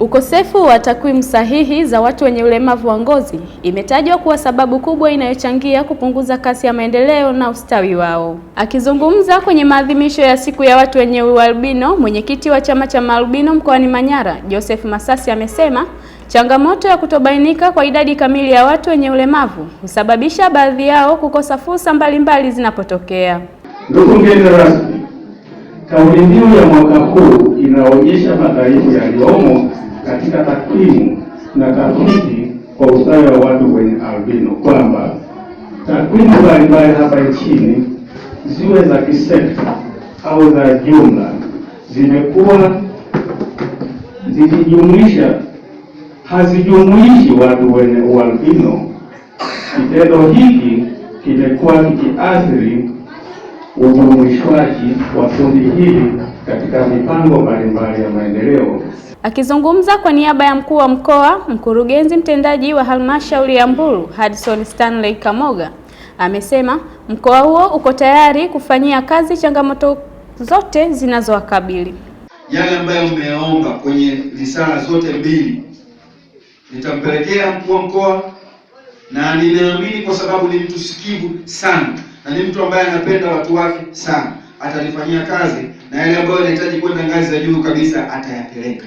Ukosefu wa takwimu sahihi za watu wenye ulemavu wa ngozi imetajwa kuwa sababu kubwa inayochangia kupunguza kasi ya maendeleo na ustawi wao. Akizungumza kwenye maadhimisho ya siku ya watu wenye ualbino, mwenyekiti wa chama cha maalbino mkoani Manyara, Joseph Masasi amesema changamoto ya kutobainika kwa idadi kamili ya watu wenye ulemavu husababisha baadhi yao kukosa fursa mbalimbali zinapotokea. Ndugu mgeni rasmi, kauli mbiu ya mwaka huu inaonyesha madhaifu yaliyomo katika takwimu na tafiti kwa ustawi wa watu wenye albino kwamba takwimu mbalimbali hapa nchini ziwe za kisekta au za jumla zimekuwa zikijumuisha hazijumuishi watu wenye ualbino. Kitendo hiki kimekuwa kikiathiri ujumuishwaji wa kundi hili katika mipango mbalimbali ya maendeleo. Akizungumza kwa niaba ya mkuu wa mkoa, mkurugenzi mtendaji wa halmashauri ya Mbulu Hudson Stanley Kamoga amesema mkoa huo uko tayari kufanyia kazi changamoto zote zinazowakabili. Yale ambayo mmeyaomba kwenye risala zote mbili nitampelekea mkuu wa mkoa, na ninaamini kwa sababu ni mtu sikivu sana na ni mtu ambaye anapenda watu wake sana, atalifanyia kazi na yale ambayo anahitaji kwenda ngazi za juu kabisa atayapeleka.